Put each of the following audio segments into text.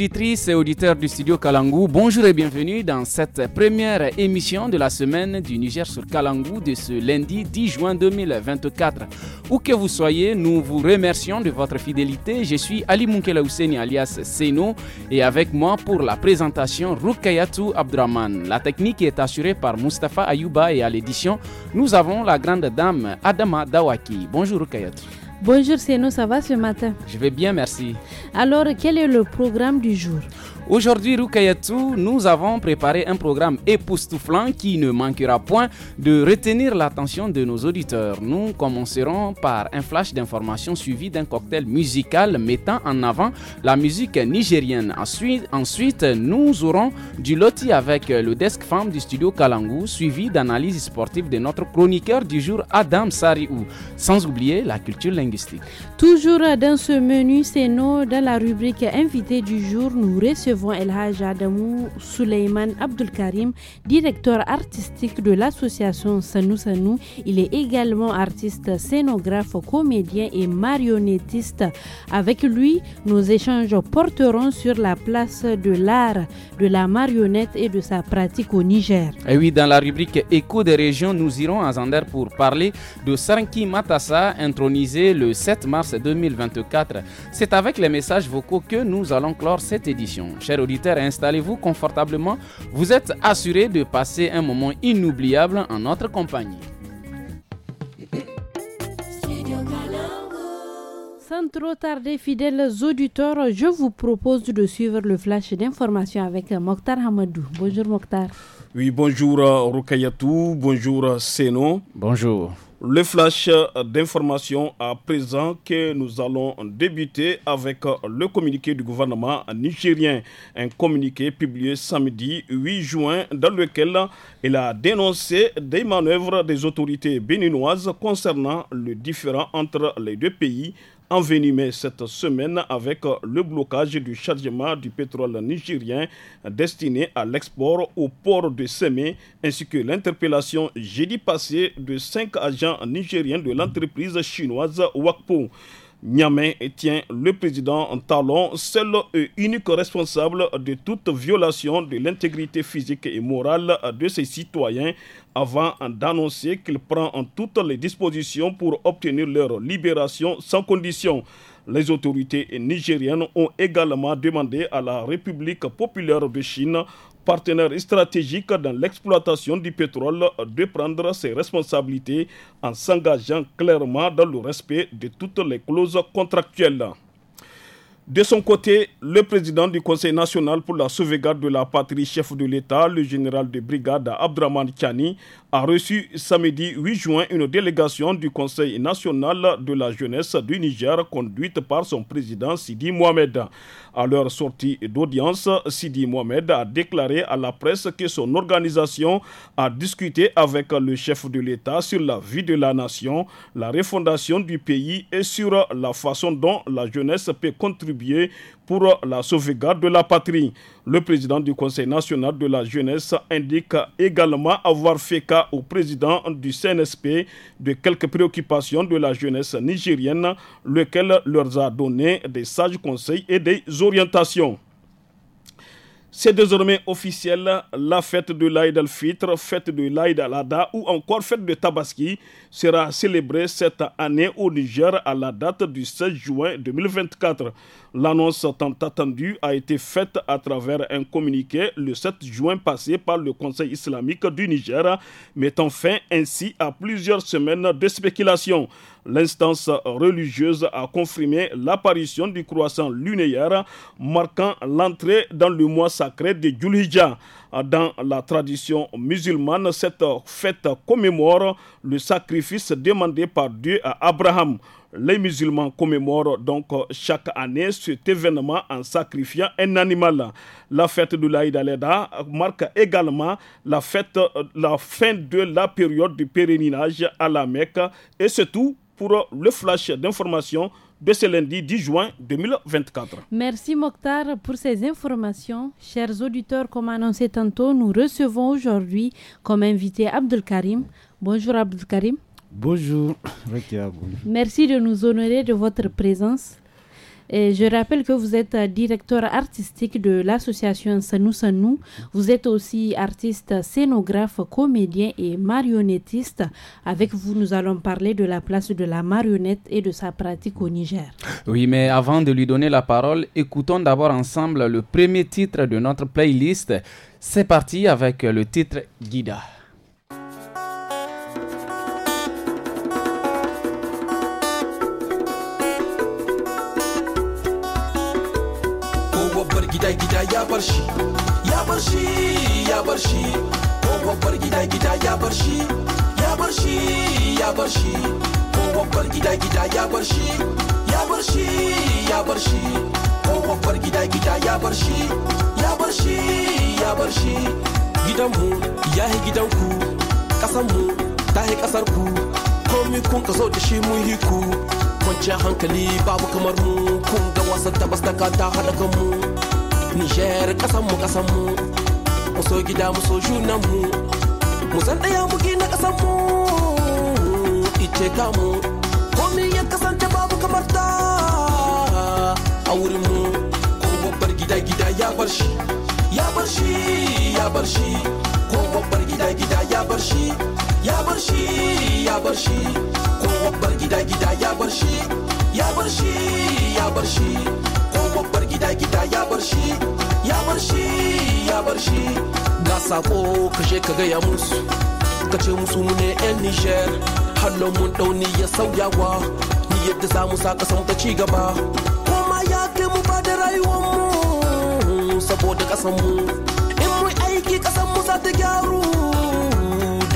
auditrices et auditeurs du studio Kalangu. bonjour et bienvenue dans cette première émission de la semaine du Niger sur Kalangu de ce lundi 10 juin 2024. Où que vous soyez, nous vous remercions de votre fidélité. Je suis Ali Moukela alias Seno et avec moi pour la présentation Rukayatou Abdraman. La technique est assurée par Mustapha Ayouba et à l'édition, nous avons la grande dame Adama Dawaki. Bonjour Rukayatou. Bonjour nous, ça va ce matin Je vais bien, merci. Alors, quel est le programme du jour Aujourd'hui, Rukayatou, nous avons préparé un programme époustouflant qui ne manquera point de retenir l'attention de nos auditeurs. Nous commencerons par un flash d'informations suivi d'un cocktail musical mettant en avant la musique nigérienne. Ensuite, nous aurons du loti avec le desk femme du studio Kalangu, suivi d'analyses sportives de notre chroniqueur du jour, Adam Sariou. Sans oublier la culture linguistique. Toujours dans ce menu, c'est nous, dans la rubrique invité du jour, nous recevons recevons El Haj Adamou Suleiman Abdulkarim, directeur artistique de l'association Sanou Sanou. Il est également artiste, scénographe, comédien et marionnettiste. Avec lui, nos échanges porteront sur la place de l'art, de la marionnette et de sa pratique au Niger. Et oui, dans la rubrique Écho des régions, nous irons à Zander pour parler de Sanki Matassa, intronisé le 7 mars 2024. C'est avec les messages vocaux que nous allons clore cette édition. Chers auditeurs, installez-vous confortablement. Vous êtes assurés de passer un moment inoubliable en notre compagnie. Sans trop tarder, fidèles auditeurs, je vous propose de suivre le flash d'information avec Mokhtar Hamadou. Bonjour Mokhtar. Oui, bonjour euh, Rukayatou, bonjour euh, Seno. Bonjour. Le flash euh, d'information à présent que nous allons débuter avec euh, le communiqué du gouvernement nigérien. Un communiqué publié samedi 8 juin dans lequel il a dénoncé des manœuvres des autorités béninoises concernant le différend entre les deux pays Envenimé cette semaine avec euh, le blocage du chargement du pétrole nigérien destiné à l'export au port de Semé ainsi que l'interpellation jeudi passé de cinq agents nigériens de l'entreprise chinoise Wakpo. Niamey tient le président en Talon, seul et unique responsable de toute violation de l'intégrité physique et morale de ses citoyens, avant d'annoncer qu'il prend en toutes les dispositions pour obtenir leur libération sans condition. Les autorités nigériennes ont également demandé à la République populaire de Chine partenaire stratégique dans l'exploitation du pétrole de prendre ses responsabilités en s'engageant clairement dans le respect de toutes les clauses contractuelles. De son côté, le président du Conseil national pour la sauvegarde de la patrie, chef de l'État, le général de brigade Abdraman Chani, a reçu samedi 8 juin une délégation du Conseil national de la jeunesse du Niger conduite par son président Sidi Mohamed. À leur sortie d'audience, Sidi Mohamed a déclaré à la presse que son organisation a discuté avec le chef de l'État sur la vie de la nation, la refondation du pays et sur la façon dont la jeunesse peut contribuer pour la sauvegarde de la patrie. Le président du Conseil national de la jeunesse indique également avoir fait cas au président du CNSP de quelques préoccupations de la jeunesse nigérienne, lequel leur a donné des sages conseils et des orientations. C'est désormais officiel, la fête de l'Aïd al-Fitr, fête de l'Aïd al-Adha ou encore fête de Tabaski sera célébrée cette année au Niger à la date du 16 juin 2024. L'annonce tant attendue a été faite à travers un communiqué le 7 juin passé par le Conseil islamique du Niger, mettant fin ainsi à plusieurs semaines de spéculation. L'instance religieuse a confirmé l'apparition du croissant lunaire marquant l'entrée dans le mois sacré de Julija. Dans la tradition musulmane, cette fête commémore le sacrifice demandé par Dieu à Abraham. Les musulmans commémorent donc chaque année cet événement en sacrifiant un animal. La fête de l'Aïd al marque également la, fête, la fin de la période du pèlerinage à la Mecque et c'est tout pour le flash d'information de ce lundi 10 juin 2024. Merci Mokhtar pour ces informations. Chers auditeurs, comme annoncé tantôt, nous recevons aujourd'hui comme invité Karim. Bonjour Karim. Bonjour. Merci de nous honorer de votre présence je rappelle que vous êtes directeur artistique de l'association Sanou Vous êtes aussi artiste, scénographe, comédien et marionnettiste. Avec vous, nous allons parler de la place de la marionnette et de sa pratique au Niger. Oui, mais avant de lui donner la parole, écoutons d'abord ensemble le premier titre de notre playlist. C'est parti avec le titre Guida. gida gida ya bar shi ya bar shi ya bar shi ko babbar gida gida ya bar shi ya bar shi ya bar shi ko babbar gida gida ya bar shi ya bar shi ya bar shi ko babbar gida gida ya bar shi ya bar shi ya bar shi gidanmu ya yi gidanku ƙasanmu ta yi ƙasarku komi kun ka zo da shi mun hiku kwanciyar hankali babu kamar mu kun ga wasan tabas ta hada kan mu Niger, Kasamu, Kasamu, kasan mu mu so gida mu so junan mu mu san daya mu babu kabarta, ta a wurin mu gida gida ya bar shi ya bar shi ya bar Kobo ko gida gida ya bar shi ya bar shi ya bar shi ko babbar gida gida ya bar shi ya bar ya bar tsohon babbar gida gida ya bar shi ya bar shi ya bar shi ga sako kashe ka gaya musu ka ce musu mu ne yan nishar hallon mun dauni ya sauyawa ni yadda za mu sa kasan ta ci gaba koma ya kai mu ba da rayuwar mu saboda kasan mu in mu aiki kasan mu za ta gyaru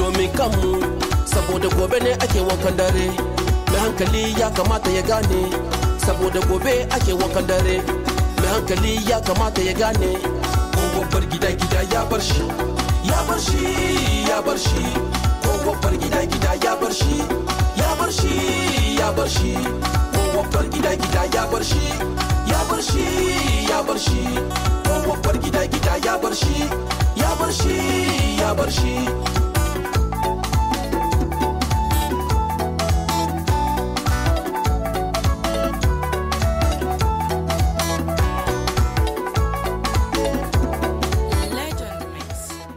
domin kanmu saboda gobe ne ake wankan dare mai hankali ya kamata ya gane saboda gobe ake wankan dare mai hankali ya kamata ya gane ko babbar gida gida ya bar shi ya bar shi ya bar shi ko babbar gida gida ya bar shi ya bar shi ya bar shi ko babbar gida gida ya bar shi ya bar shi ya bar shi ko babbar gida gida ya bar shi ya bar shi ya bar shi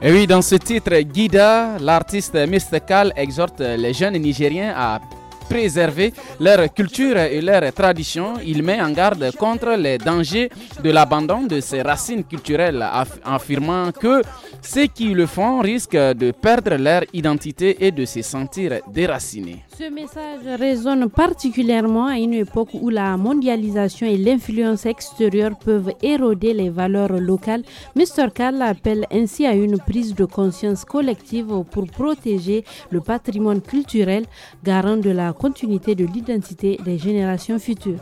Et oui, dans ce titre, Guida, l'artiste mystical, exhorte les jeunes Nigériens à préserver leur culture et leurs traditions. Il met en garde contre les dangers de l'abandon de ses racines culturelles, affirmant que ceux qui le font risquent de perdre leur identité et de se sentir déracinés. Ce message résonne particulièrement à une époque où la mondialisation et l'influence extérieure peuvent éroder les valeurs locales. Mr. Carl appelle ainsi à une prise de conscience collective pour protéger le patrimoine culturel garant de la continuité de l'identité des générations futures.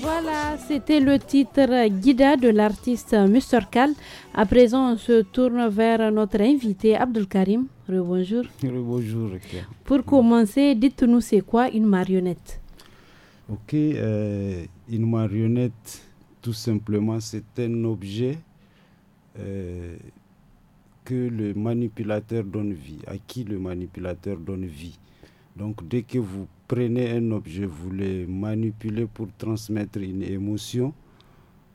Voilà, c'était le titre Guida de l'artiste Mr. Kal. À présent, on se tourne vers notre invité Abdul Karim. Rebonjour. Rebonjour. Pour commencer, dites-nous c'est quoi une marionnette Ok, euh, une marionnette, tout simplement, c'est un objet euh, que le manipulateur donne vie, à qui le manipulateur donne vie. Donc, dès que vous prenez un objet, vous le manipulez pour transmettre une émotion,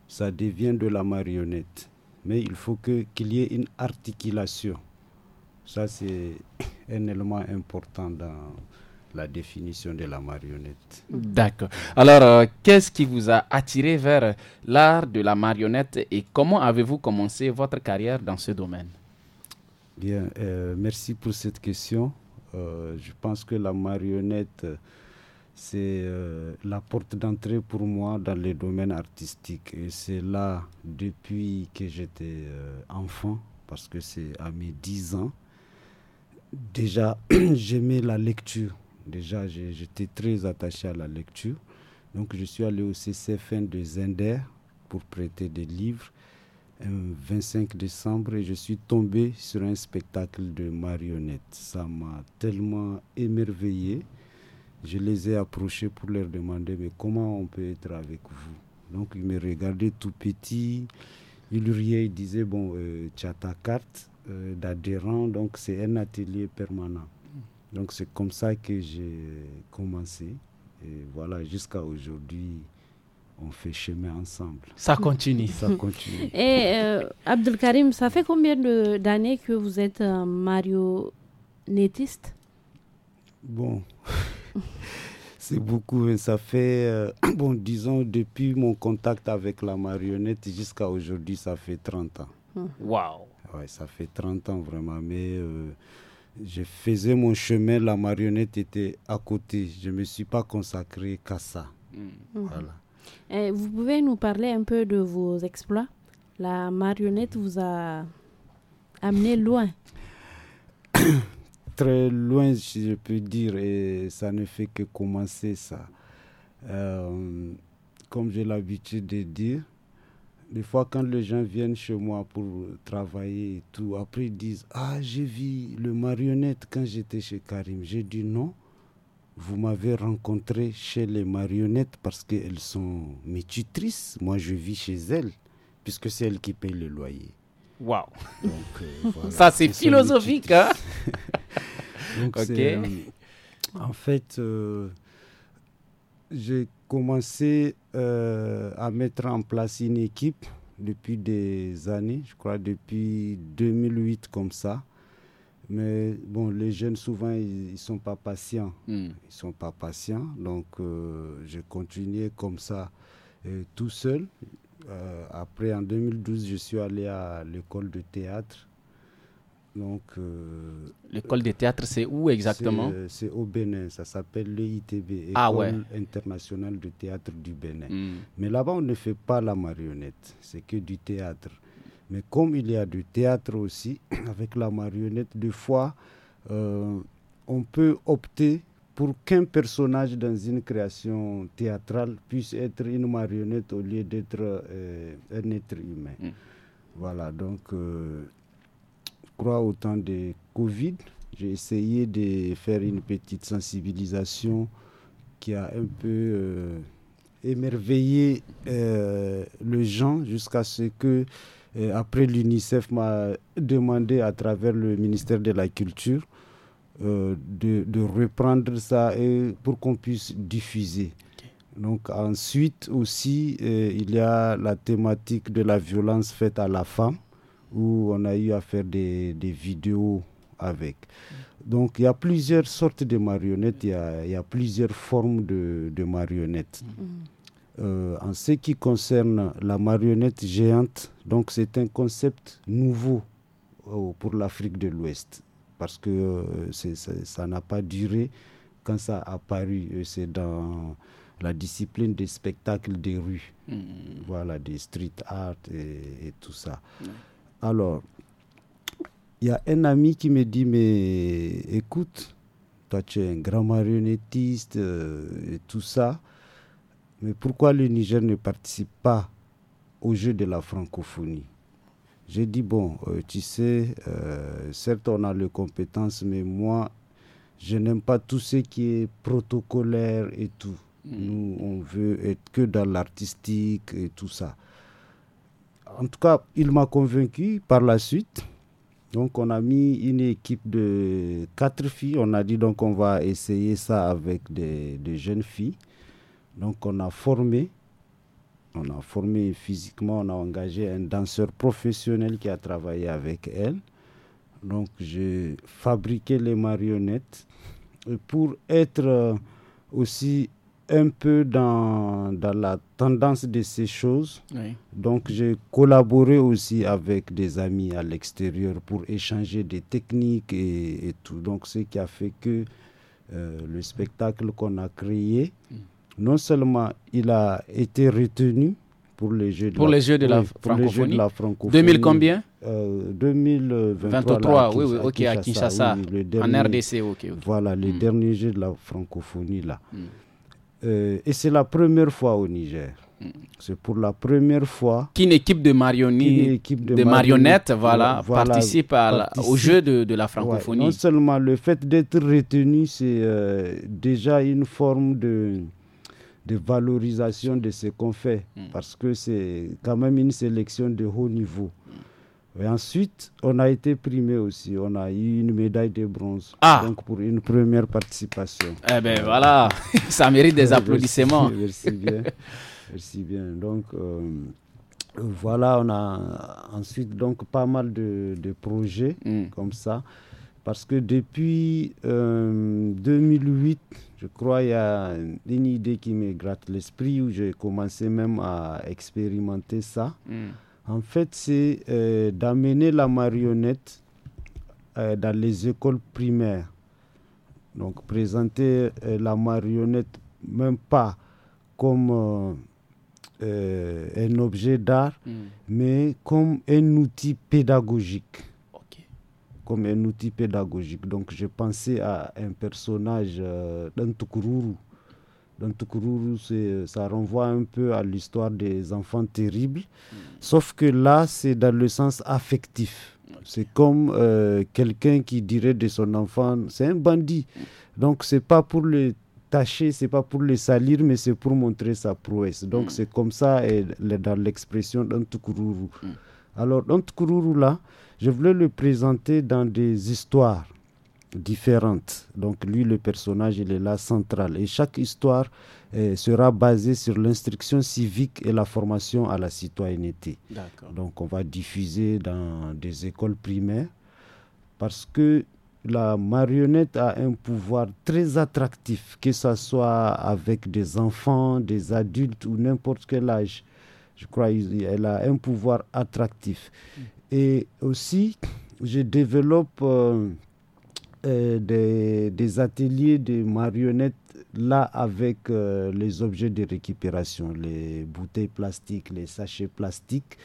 ça devient de la marionnette. Mais il faut qu'il y ait une articulation. Ça, c'est un élément important dans la définition de la marionnette. D'accord. Alors, euh, qu'est-ce qui vous a attiré vers l'art de la marionnette et comment avez-vous commencé votre carrière dans ce domaine Bien, euh, merci pour cette question. Euh, je pense que la marionnette, c'est euh, la porte d'entrée pour moi dans les domaines artistiques. Et c'est là, depuis que j'étais euh, enfant, parce que c'est à mes 10 ans, déjà j'aimais la lecture. Déjà, j'étais très attaché à la lecture. Donc, je suis allé au CCFN de Zender pour prêter des livres. 25 décembre et je suis tombé sur un spectacle de marionnettes. Ça m'a tellement émerveillé. Je les ai approchés pour leur demander mais comment on peut être avec vous. Donc ils me regardaient tout petit, ils riaient, ils disaient bon, euh, tu as ta carte euh, d'adhérent, donc c'est un atelier permanent. Donc c'est comme ça que j'ai commencé. Et voilà, jusqu'à aujourd'hui, on fait chemin ensemble. Ça continue. ça continue. Et euh, Abdelkarim, ça fait combien d'années que vous êtes marionnettiste Bon, c'est beaucoup, hein. ça fait, euh, bon, disons, depuis mon contact avec la marionnette jusqu'à aujourd'hui, ça fait 30 ans. Hum. Waouh! Ouais, ça fait 30 ans vraiment, mais euh, je faisais mon chemin, la marionnette était à côté. Je ne me suis pas consacré qu'à ça. Hum. Hum. Voilà. Eh, vous pouvez nous parler un peu de vos exploits La marionnette vous a amené loin. Très loin, si je peux dire, et ça ne fait que commencer ça. Euh, comme j'ai l'habitude de dire, des fois quand les gens viennent chez moi pour travailler tout, après ils disent Ah, j'ai vu le marionnette quand j'étais chez Karim. J'ai dit non vous m'avez rencontré chez les marionnettes parce qu'elles sont mes tutrices. Moi, je vis chez elles, puisque c'est elles qui payent le loyer. Waouh euh, Ça, c'est philosophique, hein euh, en fait, euh, j'ai commencé à mettre en place une équipe depuis des années, je crois depuis 2008 comme ça. Mais bon, les jeunes, souvent, ils ne sont pas patients. Hmm. Ils sont pas patients. Donc, euh, j'ai continué comme ça, euh, tout seul. Euh, après, en 2012, je suis allé à l'école de théâtre. Donc, l'école de théâtre, c'est où exactement C'est au Bénin, ça s'appelle l'EITB, École ah internationale de théâtre du Bénin. Hmm. Mais là-bas, on ne fait pas la marionnette, c'est que du théâtre. Mais comme il y a du théâtre aussi, avec la marionnette, des fois, euh, on peut opter pour qu'un personnage dans une création théâtrale puisse être une marionnette au lieu d'être euh, un être humain. Mm. Voilà, donc, euh, je crois au temps de Covid, j'ai essayé de faire une petite sensibilisation qui a un peu émerveillé le gens jusqu'à ce que après, l'UNICEF m'a demandé à travers le ministère de la Culture euh, de, reprendre ça et pour qu'on puisse diffuser. Donc ensuite aussi, euh, il y a la thématique de la violence faite à la femme, où on a eu à faire des, vidéos avec. Donc il y a plusieurs sortes de marionnettes, il y a, plusieurs formes de, marionnettes. Mm-hmm. Euh, en ce qui concerne la marionnette géante, donc c'est un concept nouveau euh, pour l'Afrique de l'Ouest parce que euh, ça n'a pas duré quand ça a apparu. C'est dans la discipline des spectacles des rues, mmh. voilà, des street art et, tout ça. Alors, il y a un ami qui me dit Mais écoute, toi tu es un grand marionnettiste et tout ça mais pourquoi le Niger ne participe pas au jeu de la francophonie J'ai dit, bon, euh, tu sais, euh, certes on a les compétences, mais moi, je n'aime pas tout ce qui est protocolaire et tout. Mm. Nous, on veut être que dans l'artistique et tout ça. En tout cas, il m'a convaincu par la suite. Donc, on a mis une équipe de quatre filles. On a dit donc on va essayer ça avec des jeunes filles. Donc on a formé, on a formé physiquement, on a engagé un danseur professionnel qui a travaillé avec elle. Donc j'ai fabriqué les marionnettes pour être euh, aussi un peu dans, la tendance de ces choses. Donc j'ai collaboré aussi avec des amis à l'extérieur pour échanger des techniques et, tout. Donc ce qui a fait que euh, le spectacle qu'on a créé, mm non seulement il a été retenu pour les Jeux de, pour la, les jeux de, la, francophonie. Jeux la francophonie. 2000 combien euh, 2023. oui, oui, ok, à Kinshasa, en RDC, ok. Voilà, les hmm. derniers Jeux de la francophonie, là. Hmm. Euh, et c'est la première fois au Niger. Hmm. C'est pour la première fois qu'une équipe de, marionnettes, de marionnettes, voilà, participe, aux Jeux au jeu de, la francophonie. non seulement le fait d'être retenu, c'est euh, déjà une forme de, de valorisation de ce qu'on fait, hmm. parce que c'est quand même une sélection de haut niveau. Hmm. Et ensuite, on a été primé aussi. On a eu une médaille de bronze. Ah. Donc, pour une première participation. Eh bien, voilà. Ça mérite des applaudissements. Merci, bien. merci bien. Donc, euh, voilà, on a ensuite donc pas mal de, projets hmm. comme ça. Parce que depuis 2008, euh, je crois, il y a une idée qui me gratte l'esprit où j'ai commencé même à expérimenter ça. Hmm. En fait, c'est euh, d'amener la marionnette euh, dans les écoles primaires. Donc, présenter la marionnette même pas comme un objet d'art, hmm. mais comme un outil pédagogique comme un outil pédagogique. Donc j'ai pensé à un personnage euh, d'un Tukururu. D'un Tukururu, ça renvoie un peu à l'histoire des enfants terribles, hmm. sauf que là, c'est dans le sens affectif. C'est comme euh, quelqu'un qui dirait de son enfant, c'est un bandit. Hmm. Donc c'est pas pour le tâcher c'est pas pour le salir, mais c'est pour montrer sa prouesse. Donc hmm. c'est comme ça et, dans l'expression d'un Tukururu. Alors, Don là, je voulais le présenter dans des histoires différentes. Donc, lui, le personnage, il est là central. Et chaque histoire eh, sera basée sur l'instruction civique et la formation à la citoyenneté. Donc, on va diffuser dans des écoles primaires parce que la marionnette a un pouvoir très attractif, que ce soit avec des enfants, des adultes ou n'importe quel âge. Je crois qu'elle a un pouvoir attractif. Et aussi, je développe euh, euh, des, des, ateliers de marionnettes là avec euh, les objets de récupération, les bouteilles plastiques, les sachets plastiques.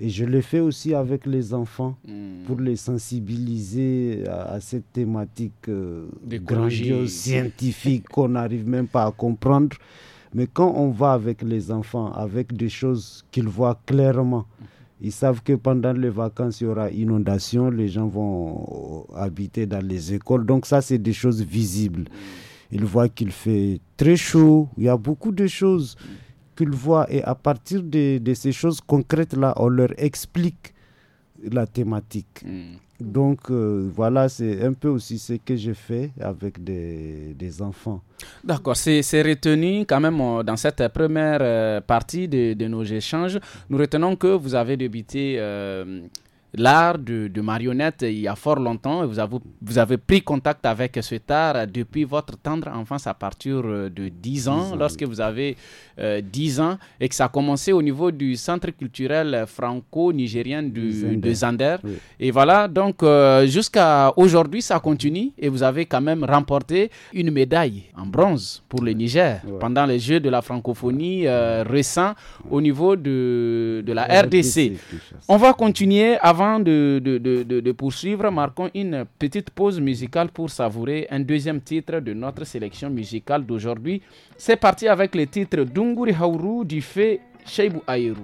Et je le fais aussi avec les enfants hmm. pour les sensibiliser à, cette thématique grandiose scientifique qu'on n'arrive même pas à comprendre. Mais quand on va avec les enfants, avec des choses qu'ils voient clairement, ils savent que pendant les vacances, il y aura inondation, les gens vont habiter dans les écoles. Donc ça, c'est des choses visibles. Ils voient qu'il fait très chaud, il y a beaucoup de choses qu'ils voient. Et à partir de, ces choses concrètes-là, on leur explique la thématique. Hmm. Donc euh, voilà, c'est un peu aussi ce que j'ai fait avec des, enfants. D'accord, c'est retenu quand même euh, dans cette première euh, partie de, de, nos échanges. Nous retenons que vous avez débuté l'art de, de, marionnette il y a fort longtemps. Vous avez, vous avez pris contact avec cet art depuis votre tendre enfance à partir euh, de 10 ans, lorsque vous avez 10 euh, ans, et que ça a commencé au niveau du centre culturel franco-nigérien de Zander. Et voilà, donc euh, jusqu'à aujourd'hui, ça continue et vous avez quand même remporté une médaille en bronze pour le Niger pendant les Jeux de la francophonie récents au niveau de, de la, RDC. On va continuer à avant de, poursuivre, marquons une petite pause musicale pour savourer un deuxième titre de notre sélection musicale d'aujourd'hui. C'est parti avec le titre Dunguri Hauru du fait Sheibu Ayeru.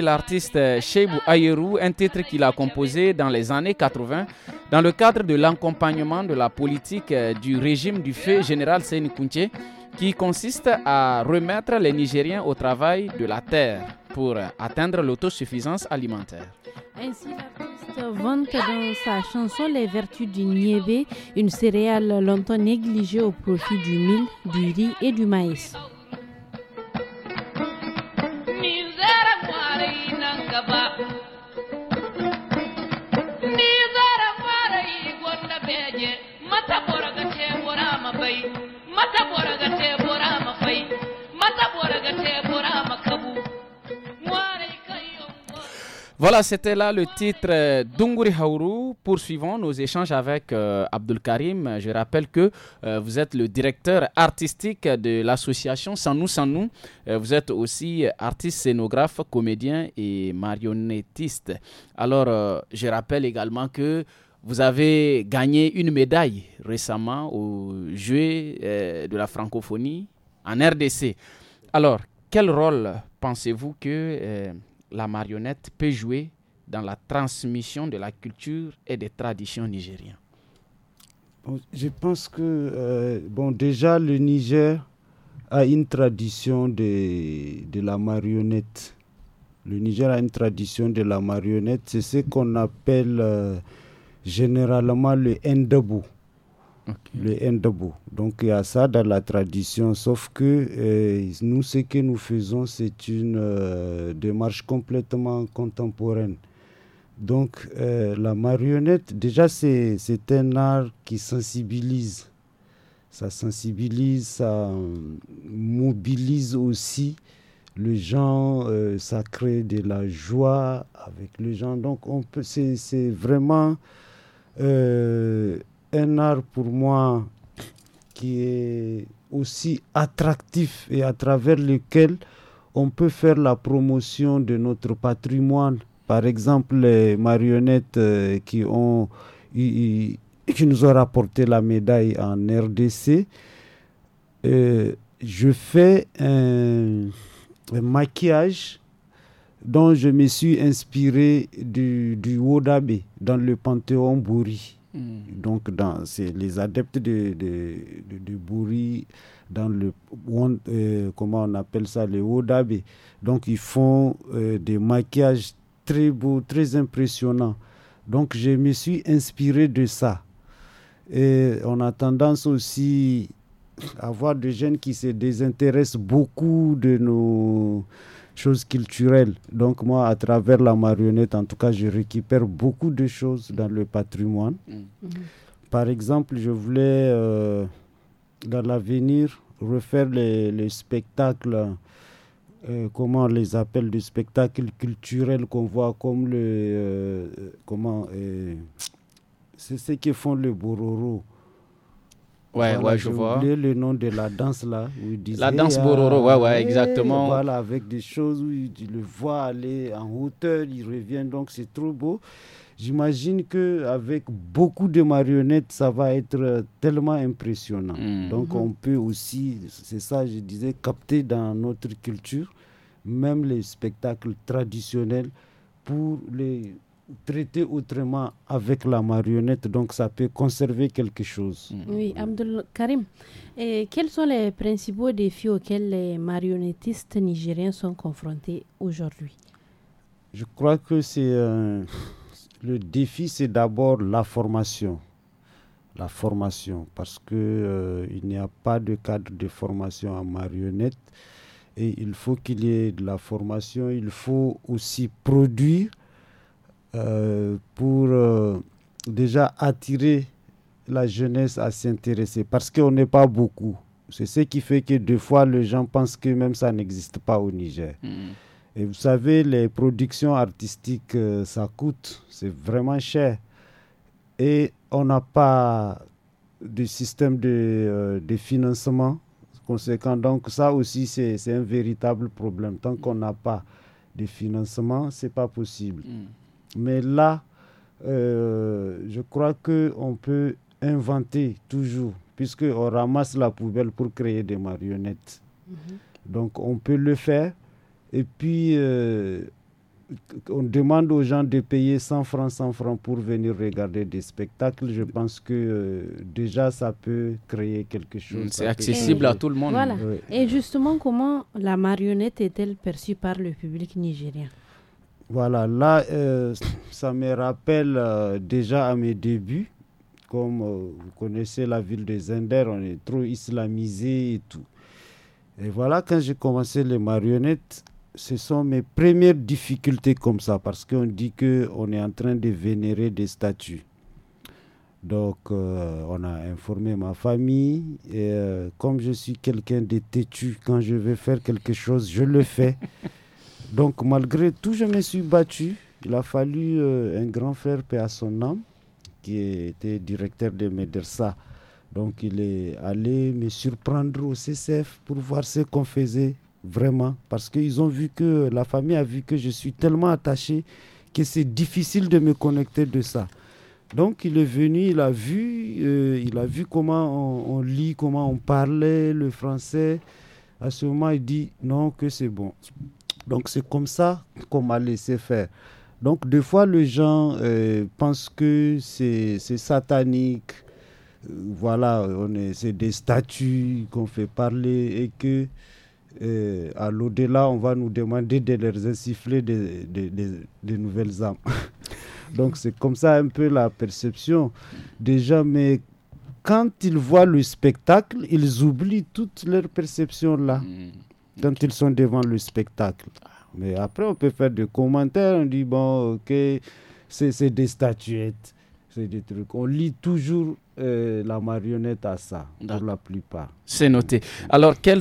l'artiste Sheibou Ayerou, un titre qu'il a composé dans les années 80 dans le cadre de l'accompagnement de la politique euh, du régime du feu général Séné qui consiste à remettre les Nigériens au travail de la terre pour atteindre l'autosuffisance alimentaire. Ainsi, l'artiste vante dans sa chanson les vertus du niébé, une céréale longtemps négligée au profit du mil, du riz et du maïs. Voilà, c'était là le titre euh, d'Unguri Hauru. Poursuivons nos échanges avec euh, Abdul Karim. Je rappelle que euh, vous êtes le directeur artistique de l'association Sans nous, sans nous. vous êtes aussi artiste, scénographe, comédien et marionnettiste. Alors, je rappelle également que vous avez gagné une médaille récemment au Jeu euh, de la francophonie en RDC. Alors, quel rôle pensez-vous que euh, la marionnette peut jouer dans la transmission de la culture et des traditions nigériennes Je pense que, euh, bon, déjà, le Niger a une tradition de la marionnette. Le Niger a une tradition de la marionnette. C'est ce qu'on appelle généralement le Ndebou. Le Ndebou. Donc il y a ça dans la tradition, sauf que euh, nous, ce que nous faisons, c'est une euh, démarche complètement contemporaine. Donc euh, la marionnette, déjà, c'est un art qui sensibilise. Ça sensibilise, ça mobilise aussi les gens, ça crée de la joie avec les gens. Donc on c'est vraiment euh, un art pour moi qui est aussi attractif et à travers lequel on peut faire la promotion de notre patrimoine. Par exemple, les marionnettes euh, qui, ont, qui nous ont rapporté la médaille en RDC. Euh, je fais un maquillage dont je me suis inspiré du, du Wodabe dans le panthéon bourri hmm. Donc, c'est les adeptes de, de, dans le euh, comment on appelle ça le Wodabe. Donc, ils font euh, des maquillages très beaux, très impressionnants. Donc, je me suis inspiré de ça. Et on a tendance aussi à voir des jeunes qui se désintéressent beaucoup de nos choses culturelles. Donc moi, à travers la marionnette, en tout cas, je récupère beaucoup de choses dans le patrimoine. Mm. Mhm. Par exemple, je voulais, euh, dans l'avenir, refaire les, spectacles, euh, comment on les appelle, des spectacles culturels qu'on voit comme le... Euh, comment... Euh, c'est ce que font les Bororo Ouais, ouais, je vois. le nom de la danse là. la danse Bororo, ouais, ouais, ah, exactement. Voilà, avec des choses où tu le voit aller en hauteur, il revient donc, c'est trop beau. J'imagine que avec beaucoup de marionnettes, ça va être euh, tellement impressionnant. Hmm. Donc mhm. on peut aussi, c'est ça, je disais, capter dans notre culture, même les spectacles traditionnels pour les traiter autrement avec la marionnette, donc ça peut conserver quelque chose. Mm. Oui, mm. Abdul Karim, quels sont les principaux défis auxquels les marionnettistes nigériens sont confrontés aujourd'hui Je crois que c'est euh, le défi, c'est d'abord la formation. La formation, parce que euh, il n'y a pas de cadre de formation en marionnette et il faut qu'il y ait de la formation. Il faut aussi produire euh, pour euh, déjà attirer la jeunesse à s'intéresser parce qu'on n'est pas beaucoup. C'est ce qui fait que des fois, les gens pensent que même ça n'existe pas au Niger. Hmm. Et vous savez, les productions artistiques, euh, ça coûte, c'est vraiment cher. Et on n'a pas de système de, de, financement conséquent. Donc ça aussi, c'est un véritable problème. Tant qu'on n'a pas de financement, c'est pas possible. Hmm. Mais là, euh, je crois qu'on peut inventer toujours, puisqu'on ramasse la poubelle pour créer des marionnettes. Mhm. Donc on peut le faire. Et puis, euh, on demande aux gens de payer 100 francs, 100 francs pour venir regarder des spectacles. Je pense que euh, déjà, ça peut créer quelque mm, chose. C'est accessible à tout le monde. Et justement, comment la marionnette est-elle perçue par le public nigérien voilà, là, euh, ça me rappelle euh, déjà à mes débuts, comme euh, vous connaissez la ville de Zender, on est trop islamisé et tout. Et voilà, quand j'ai commencé les marionnettes, ce sont mes premières difficultés comme ça, parce qu'on dit qu'on est en train de vénérer des statues. Donc, on a informé ma famille. Et comme je suis quelqu'un de têtu, quand je veux faire quelque chose, je le fais. Donc malgré tout, je me suis battu. Il a fallu euh, un grand frère, paix qui était directeur de Medersa. Donc il est allé me surprendre au CCF pour voir ce qu'on faisait vraiment. Parce qu'ils ont vu que la famille a vu que je suis tellement attaché que c'est difficile de me connecter de ça. Donc il est venu, il a vu, euh, il a vu comment on, on, lit, comment on parlait le français. À ce moment, il dit non, que c'est bon. Donc c'est comme ça qu'on m'a laissé faire. Donc des fois, les gens euh, pensent que c'est satanique, euh, voilà, c'est des statues qu'on fait parler et que euh, à l'au-delà, on va nous demander de leur insuffler des, nouvelles âmes. Donc c'est comme ça un peu la perception déjà, mais quand ils voient le spectacle, ils oublient toute leur perception là. Mm quand ils sont devant le spectacle. Mais après, on peut faire des commentaires, on dit, bon, ok, c'est des statuettes, c'est des trucs. On lit toujours euh, la marionnette à ça, pour la plupart. C'est noté. Alors, quel,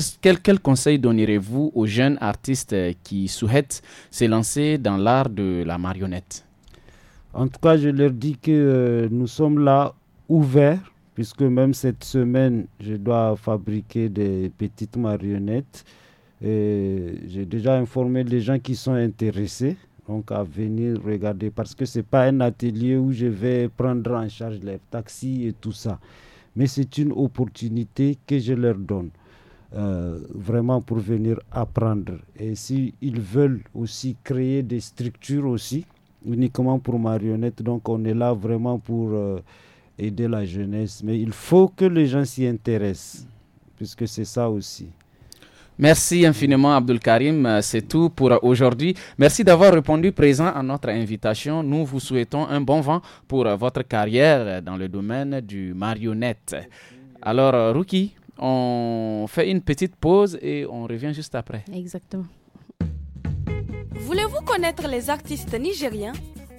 conseil donnerez-vous aux jeunes artistes euh, qui souhaitent se lancer dans l'art de la marionnette En tout cas, je leur dis que euh, nous sommes là ouverts, puisque même cette semaine, je dois fabriquer des petites marionnettes. J'ai déjà informé les gens qui sont intéressés donc à venir regarder parce que ce n'est pas un atelier où je vais prendre en charge les taxis et tout ça. Mais c'est une opportunité que je leur donne euh, vraiment pour venir apprendre. Et s'ils ils veulent aussi créer des structures aussi, uniquement pour marionnettes, donc on est là vraiment pour euh, aider la jeunesse. Mais il faut que les gens s'y intéressent, puisque c'est ça aussi. Merci infiniment, Abdul Karim. Euh, c'est tout pour aujourd'hui. Merci d'avoir répondu présent à notre invitation. Nous vous souhaitons un bon vent pour euh, votre carrière euh, dans le domaine du marionnette. Alors, Ruki, on fait une petite pause et on revient juste après. Exactement. Voulez-vous connaître les artistes nigériens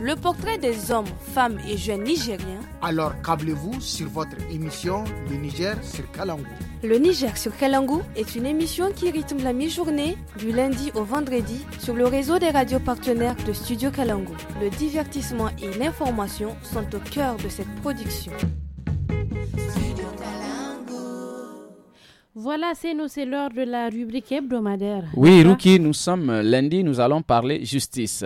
le portrait des hommes, femmes et jeunes nigériens. Alors câblez-vous sur votre émission Le Niger sur Kalangou. Le Niger sur Kalangou est une émission qui rythme la mi-journée du lundi au vendredi sur le réseau des radios partenaires de Studio Kalangou. Le divertissement et l'information sont au cœur de cette production. Voilà, c'est nous, c'est l'heure de la rubrique hebdomadaire. Oui, Ruki, nous sommes lundi, nous allons parler justice.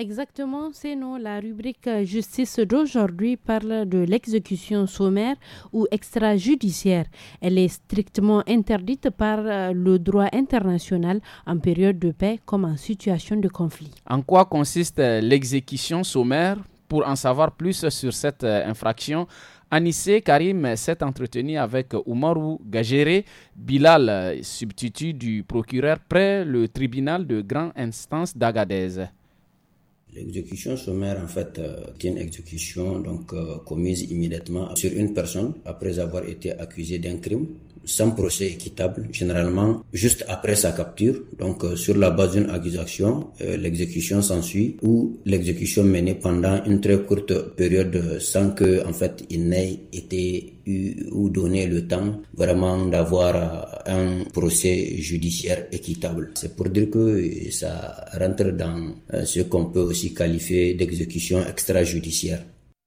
Exactement, c'est nous. La rubrique euh, justice d'aujourd'hui parle de l'exécution sommaire ou extrajudiciaire. Elle est strictement interdite par euh, le droit international en période de paix comme en situation de conflit. En quoi consiste euh, l'exécution sommaire Pour en savoir plus sur cette infraction, Anissé Karim s'est entretenu avec Oumarou Gajere Bilal, substitut du procureur près le tribunal de grande instance d'Agadez. L'exécution sommaire, en fait, est euh, une exécution donc euh, commise immédiatement sur une personne après avoir été accusée d'un crime sans procès équitable, généralement juste après sa capture. Donc, euh, sur la base d'une accusation, l'exécution s'ensuit ou l'exécution menée pendant une très courte période sans que, en fait, il n'ait été ou donner le temps vraiment d'avoir euh, un procès judiciaire équitable. C'est pour dire que ça rentre dans euh, ce qu'on peut aussi qualifier d'exécution extrajudiciaire.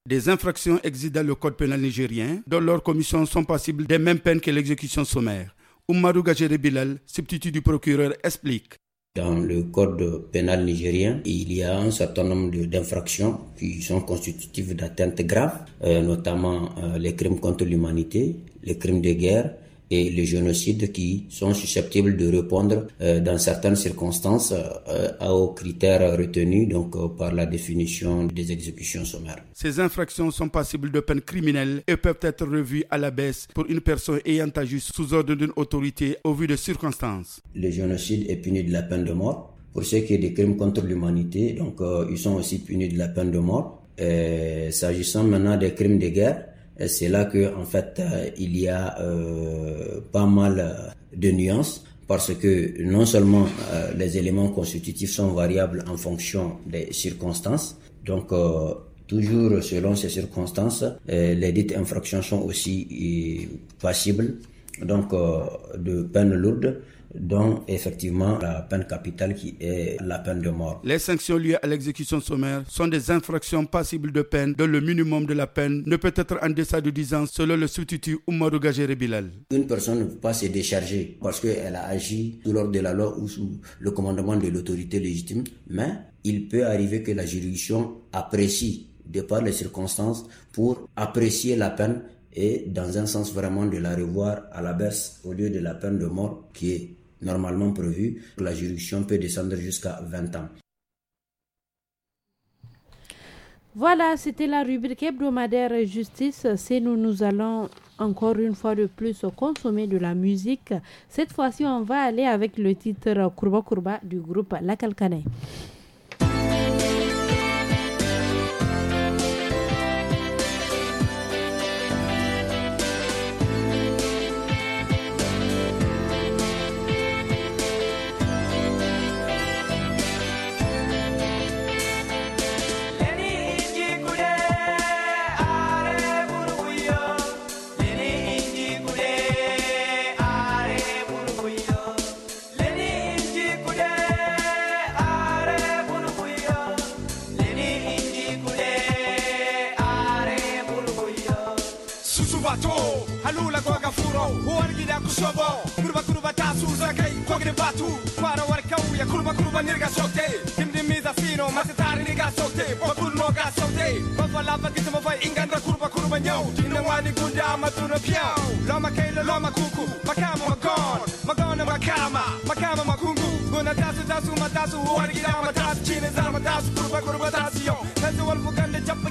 Des infractions existent dans le code pénal nigérien, dont leurs commissions sont passibles des mêmes peines que l'exécution sommaire. Oumarou Gajere Bilal, substitut du procureur, explique. Dans le code pénal nigérien, il y a un certain nombre d'infractions qui sont constitutives d'atteintes graves, euh, notamment euh, les crimes contre l'humanité, les crimes de guerre, et les génocides qui sont susceptibles de répondre euh, dans certaines circonstances euh, aux critères retenus donc euh, par la définition des exécutions sommaires. Ces infractions sont passibles de peine criminelle et peuvent être revues à la baisse pour une personne ayant agi sous ordre d'une autorité au vu de circonstances. Le génocide est puni de la peine de mort. Pour ce qui est des crimes contre l'humanité, donc ils sont aussi punis de la peine de mort. S'agissant maintenant des crimes de guerre, c'est là que en fait euh, il y a euh, pas mal de nuances parce que non seulement euh, les éléments constitutifs sont variables en fonction des circonstances, donc toujours selon ces circonstances, les dites infractions sont aussi passibles donc de peine lourde dont effectivement la peine capitale qui est la peine de mort. Les sanctions liées à l'exécution sommaire sont des infractions passibles de peine dont le minimum de la peine ne peut être en deçà de 10 ans selon le substitut Oumarou Gajere Bilal. Une personne ne peut pas se décharger parce qu'elle a agi sous l'ordre de la loi ou sous le commandement de l'autorité légitime, mais il peut arriver que la juridiction apprécie de par les circonstances pour apprécier la peine et dans un sens vraiment de la revoir à la baisse au lieu de la peine de mort qui est normalement prévu, La juridiction peut descendre jusqu'à 20 ans. Voilà, c'était la rubrique hebdomadaire justice. C'est nous, nous allons encore une fois de plus consommer de la musique. Cette fois-ci, on va aller avec le titre Kurba Kurba du groupe La Calcanée. bato halula goga furo wargida kusobo kurba kurba tasuza kai kogre batu para warkau ya kurba kurba nirga sokte dimdimiza fino masitar niga sokte bakul no ga sokte bavala bagit mavai inganda kurba kurba nyau dinawani gunda matuna piao loma kai loma kuku makama magon magona makama makama makungu guna tasu tasu matasu wargida matasu chine zarmatasu kurba kurba tasu yo tasu walfukande chappa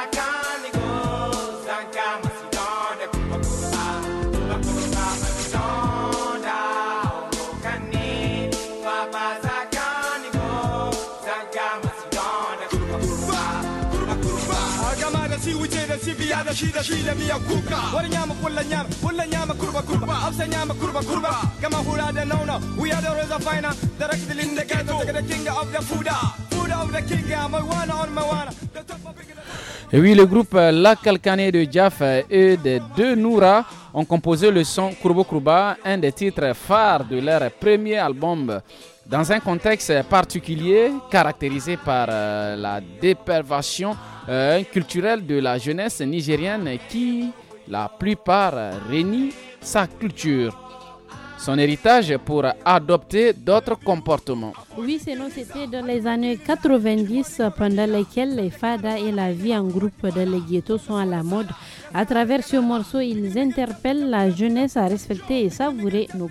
biya da shi da kuka wani nyama kula nyama kulla nyama kurba kurba afsa nyama kurba kurba kama hura da nauna we are the rosa fina directly in the ghetto the king of the fuda fuda of the king I'm a one on my one the top of et oui, le groupe euh, La Calcanée de Jaff euh, et des deux Noura ont composé le son Kurbo Kurba, un des titres phares de leur premier album dans un contexte particulier caractérisé par euh, la dépervation euh, culturelle de la jeunesse nigérienne qui, la plupart, renie sa culture. Son héritage pour adopter d'autres comportements. Oui, sinon c'était dans les années 90 pendant lesquelles les fadas et la vie en groupe dans les ghettos sont à la mode. À travers ce morceau, ils interpellent la jeunesse à respecter et savourer nos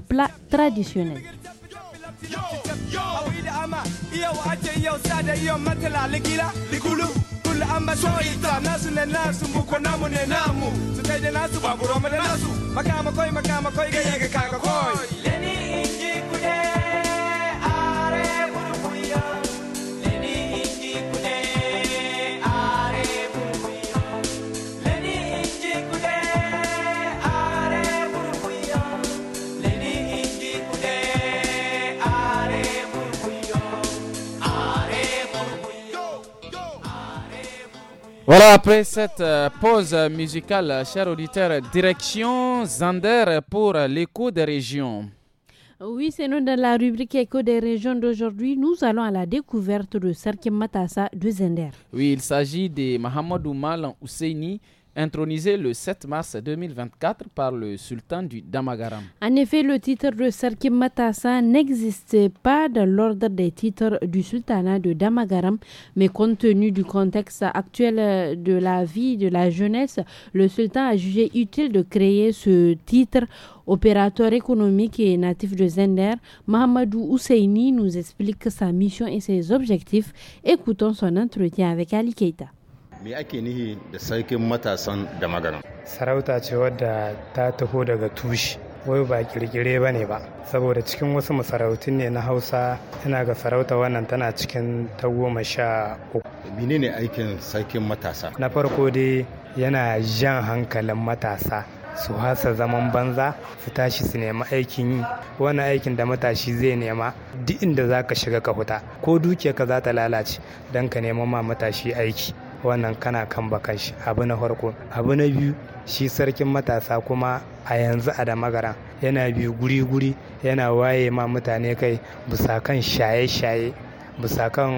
plats traditionnels. yau ake yau sa yau matala ligila ligulu kul amma so ita nasu nasu muko namu ne namu su da nasu ba guro mu da nasu makama Voilà, après cette euh, pause musicale, euh, chers auditeurs, direction Zander pour l'écho des régions. Oui, c'est nous dans la rubrique Écho des régions d'aujourd'hui. Nous allons à la découverte de Serkim Matassa de Zender. Oui, il s'agit de Mahamadou Oumal Ousseini, intronisé le 7 mars 2024 par le sultan du Damagaram. En effet, le titre de Serkim Matassa n'existait pas dans l'ordre des titres du sultanat de Damagaram, mais compte tenu du contexte actuel de la vie de la jeunesse, le sultan a jugé utile de créer ce titre opérateur économique et natif de Zender, Mahamadou Ousseini nous explique sa mission et ses objectifs. Écoutons son entretien avec Ali Keita. Me ake nihi da sarkin matasan da magana? Sarauta ce wadda ta taho daga tushe. wai ba kirkire ba ne ba saboda cikin wasu masarautun ne na hausa yana ga sarauta wannan tana cikin ta goma sha uku ne aikin sarkin matasa na farko dai yana jan hankalin matasa su hasa zaman banza su tashi su nema aikin yi wani aikin da matashi zai nema duk inda za ka shiga ka huta ko dukiyarka za ta lalace don ka nema ma matashi aiki wannan kana kan bakan shi abu na farko abu na biyu shi sarkin matasa kuma a yanzu a damagara yana biyu guri-guri yana waye ma mutane kai bisa kan shaye-shaye bisa kan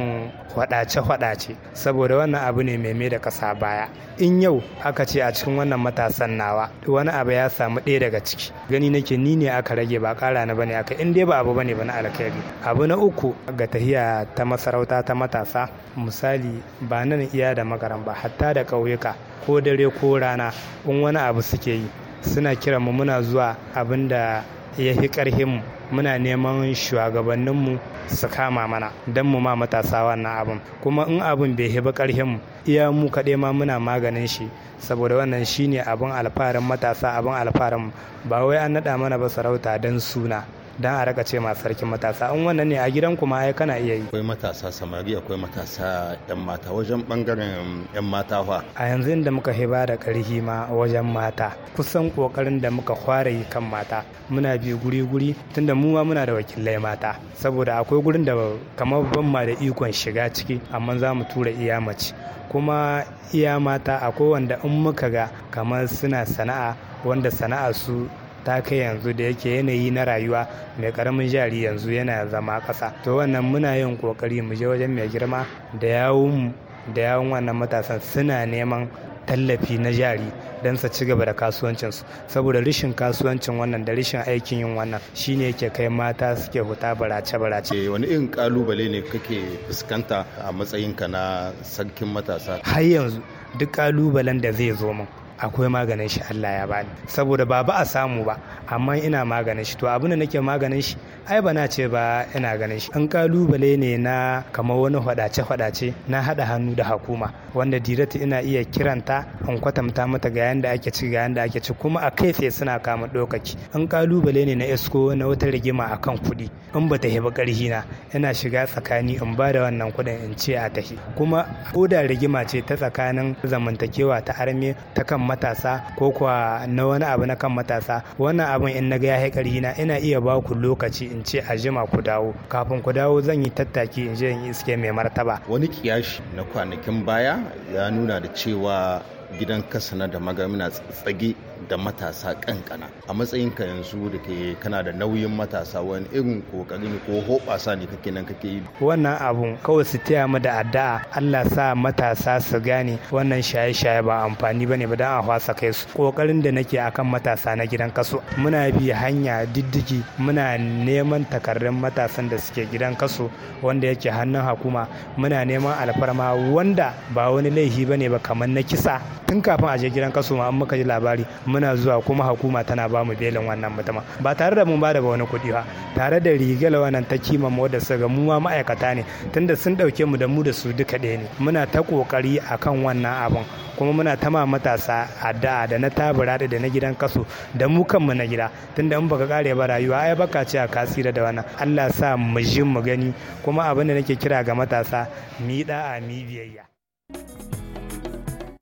faɗace-faɗace saboda wannan abu ne mai da ƙasa baya in yau aka ce a cikin wannan matasan nawa wani abu ya samu ɗaya daga ciki gani nake ni ne aka rage ba ƙara na bane aka in dai ba abu bane ba na alkhairi abu na uku ga tahiya ta masarauta ta matasa misali ba nan iya da makaran ba hatta da ƙauyuka ko dare ko rana in wani abu suke yi suna kiran mu muna zuwa abin da ya fi mu muna neman shugabanninmu su kama mana don mu ma matasa wannan abin kuma in abin bai karhin mu iya mu kaɗai ma muna maganin shi saboda wannan shine abin alfaharin matasa abin alfaharin ba wai an naɗa mana ba sarauta don suna dan a raka ce ma sarkin matasa in wannan ne a gidan kuma ai kana iya yi akwai matasa samari akwai matasa yan mata wajen bangaren yan mata fa a yanzu da muka hiba da karhi ma wajen mata kusan kokarin da muka fara yi kan mata muna bi guri guri tunda mu ma muna da wakilai mata saboda akwai gurin da kamar ban ma da ikon shiga ciki amma za mu tura iya mace kuma iya mata akwai wanda in muka ga kamar suna sana'a wanda sana'a su ta yanzu da yake yanayi na rayuwa mai karamin jari yanzu yana zama kasa to wannan muna yin kokari mu je wajen mai girma da yawun da wannan matasan suna neman tallafi na jari don su ci gaba da kasuwancinsu saboda rashin kasuwancin wannan da rashin aikin yin wannan shine yake kai mata suke huta barace barace eh, wani irin kalubale ne kake fuskanta a matsayinka na sarkin matasa har yanzu duk kalubalen da zai zo min akwai maganin shi Allah ya bani saboda ba ba a samu ba amma ina maganin shi to abin da nake maganin shi ai ba na ce ba ina ganin shi an kalubale ne na kama wani hadace kwadace na haɗa hannu da hakuma wanda direti ina iya kiranta in kwatanta mata ga yanda ake ci ga yanda ake ci kuma a kai sai suna kama dokaki. an kalubale ne na isko na wata rigima akan kuɗi in ba ta heba karhi na ina shiga tsakani in ba da wannan kuɗin in ce a tahi kuma ko da rigima ce ta tsakanin zamantakewa ta armi ta kan matasa ko kuwa na wani abu na kan matasa wannan abin in na ga ya haƙari na ina iya ba ku lokaci in ce a jima ku dawo kafin ku dawo zan yi tattaki in je in iske mai martaba wani kiyashi na kwanakin baya ya nuna da cewa gidan kasa na da magamina tsage da matasa kankana a matsayin ka yanzu da ke kana da nauyin matasa wani irin kokarin ko hoɓasa ne kake nan kake yi wannan abun kawai su taya mu da addu'a Allah sa matasa su gane wannan shaye-shaye ba amfani bane ba dan a hwasa kai su kokarin da nake akan matasa na gidan kaso muna bi hanya diddigi muna neman takardun matasan da suke gidan kaso wanda yake hannun hakuma muna neman alfarma wanda ba wani laifi bane ba kamar na kisa tun kafin a je gidan kaso ma an muka ji labari muna zuwa kuma hukuma tana ba mu belin wannan mutumin ba tare da mun ba da wani kuɗi ba tare da rigar wannan ta kima mu da saga mu ma ma'aikata ne tunda sun ɗauke mu da mu da su duka ɗaya ne muna ta ƙoƙari akan wannan abun kuma muna ta ma matasa addu'a da na tabura da na gidan kaso da mu kanmu na gida tunda in baka kare ba rayuwa ai baka ce ka tsira da wannan Allah sa mu ji mu gani kuma abin da nake kira ga matasa mi da'a mi biyayya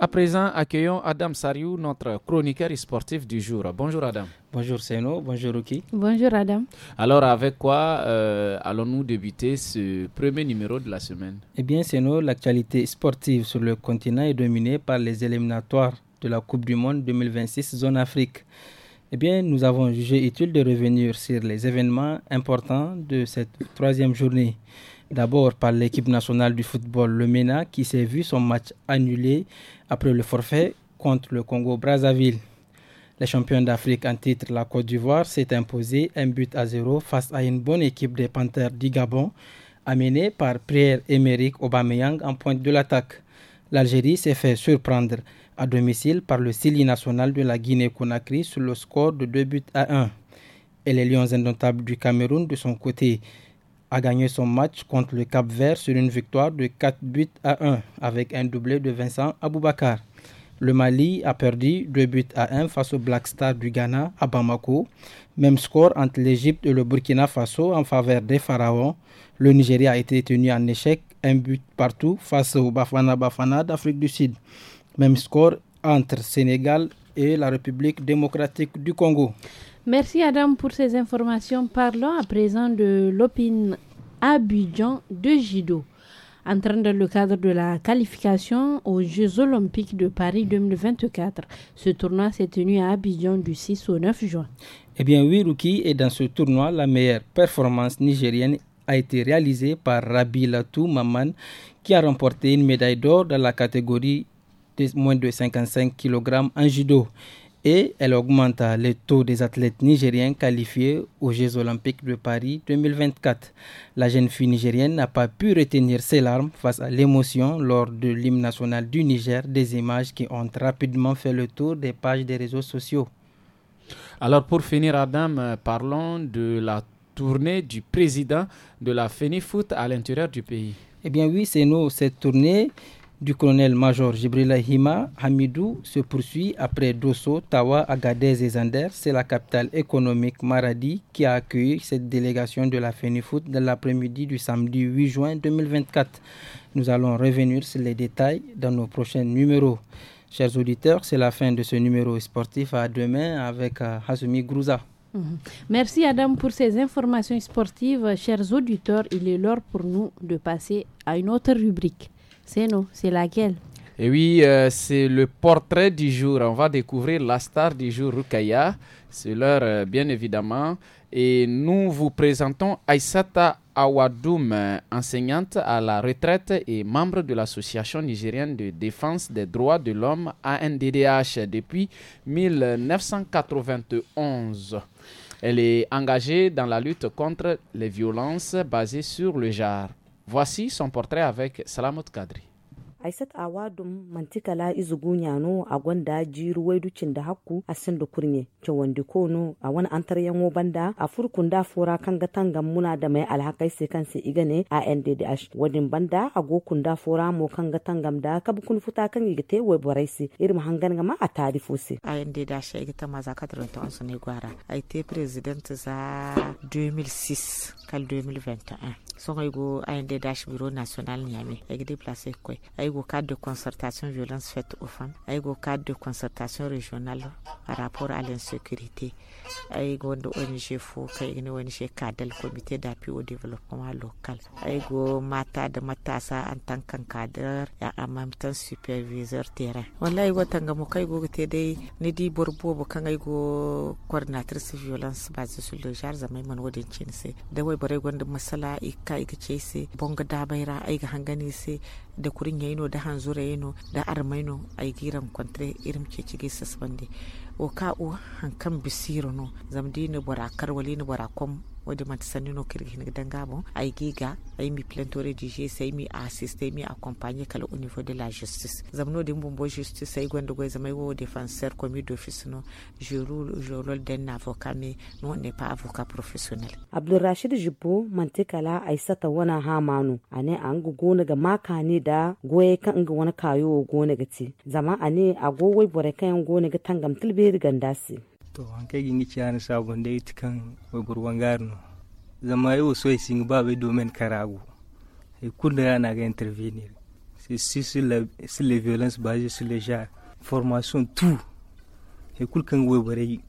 À présent, accueillons Adam Sariou, notre chroniqueur sportif du jour. Bonjour Adam. Bonjour Seno, bonjour Ruki. Bonjour Adam. Alors avec quoi euh, allons-nous débuter ce premier numéro de la semaine Eh bien Seno, l'actualité sportive sur le continent est dominée par les éliminatoires de la Coupe du Monde 2026 Zone Afrique. Eh bien, nous avons jugé utile de revenir sur les événements importants de cette troisième journée. D'abord par l'équipe nationale du football, le MENA, qui s'est vu son match annulé après le forfait contre le Congo-Brazzaville. Les champions d'Afrique en titre, la Côte d'Ivoire, s'est imposée un but à zéro face à une bonne équipe des Panthers du Gabon, amenée par Pierre Emerick Aubameyang en pointe de l'attaque. L'Algérie s'est fait surprendre à domicile par le Sili national de la Guinée-Conakry sur le score de 2 buts à 1. Et les Lions indomptables du Cameroun, de son côté, a gagné son match contre le Cap Vert sur une victoire de 4 buts à 1 avec un doublé de Vincent Aboubakar. Le Mali a perdu 2 buts à 1 face au Black Star du Ghana à Bamako. Même score entre l'Égypte et le Burkina Faso en faveur des Pharaons. Le Nigeria a été tenu en échec, un but partout face au Bafana Bafana d'Afrique du Sud. Même score entre Sénégal et la République démocratique du Congo. Merci Adam pour ces informations. Parlons à présent de l'opine Abidjan de Jido. train dans le cadre de la qualification aux Jeux olympiques de Paris 2024, ce tournoi s'est tenu à Abidjan du 6 au 9 juin. Eh bien oui, Ruki, et dans ce tournoi, la meilleure performance nigérienne a été réalisée par Rabi Latou Maman, qui a remporté une médaille d'or dans la catégorie de moins de 55 kg en judo et elle augmente le taux des athlètes nigériens qualifiés aux Jeux olympiques de Paris 2024. La jeune fille nigérienne n'a pas pu retenir ses larmes face à l'émotion lors de l'hymne national du Niger, des images qui ont rapidement fait le tour des pages des réseaux sociaux. Alors pour finir, Adam, euh, parlons de la tournée du président de la FENIFOOT à l'intérieur du pays. Eh bien oui, c'est nous, cette tournée du colonel-major Jibril Hima Hamidou se poursuit après Dosso, Tawa, Agadez et Zander. C'est la capitale économique Maradi qui a accueilli cette délégation de la FENIFOOT dans l'après-midi du samedi 8 juin 2024. Nous allons revenir sur les détails dans nos prochains numéros. Chers auditeurs, c'est la fin de ce numéro sportif. À demain avec euh, Hasumi Grouza. Mhm. Merci Adam pour ces informations sportives. Chers auditeurs, il est l'heure pour nous de passer à une autre rubrique. C'est nous, c'est laquelle Et oui, euh, c'est le portrait du jour. On va découvrir la star du jour, Rukaya. C'est l'heure, euh, bien évidemment. Et nous vous présentons Aïsata Awadoum, euh, enseignante à la retraite et membre de l'Association nigérienne de défense des droits de l'homme, ANDDH, depuis 1991. Elle est engagée dans la lutte contre les violences basées sur le genre. Voici son portrait avec Salamot Kadri. aisat awadum mantikala izugunyano a gwanda jiru waiducin da hakku a sin kurnye ce wanda kono a wani antar yanwo banda a furkun da fora kan tangan muna da mai alhakai sai kan sai igane a nddh wadin banda a gokun da fora mo kan gatangan da ka bukun futa kan igite wai boraisi irin hangan gama a tarifo se a nddh ya igita maza kadirin ta ne gwara a te president za 2006 kal 2021 son go a nddh bureau national nyame ya gidi place koi ay cadre de concertation violence faite aux femmes ay go cadre de concertation régionale par rapport à l'insécurité ay de ONG fo kay ne ONG comité d'appui au développement local aigu go mata de matasa en tant qu'encadreur et en même temps superviseur terrain wallahi go tanga mo kay go te dai ni di borbo kan go coordinatrice violence basée sur le genre zamai man wodin chinse da wai bare gondo masala ikka ikace se bonga da bayra ay ga da kurin yaino da hanzura yaino da armaino ay diran irin irim cecigi sasbande o ka o hankan bisiro no zamdi ni bora karwali ni bora kom wadda de sanni no kirgi ni danga ay giga ay mi plentore di je mi assiste mi accompagner, kala au niveau de la justice zamno de mbombo justice ay gondo go zamay wo défenseur commis d'office no je roule je roule d'un avocat mais non n'est pas avocat professionnel Abdulrashid la mantikala Aisata wana hamanu ane an gona ga maka da goye kan ga wani kayo gona ga ci zama ane a gowai bore kan gona ga tangam tilbe gandasi to kai gingi ciyani sabon da ita kan gurwan garno zama yi wasu yi singa babu domin karagu ya kunda ya na ga intervenir si si le violence ba sur le ja formation tu ya kul kan yi bare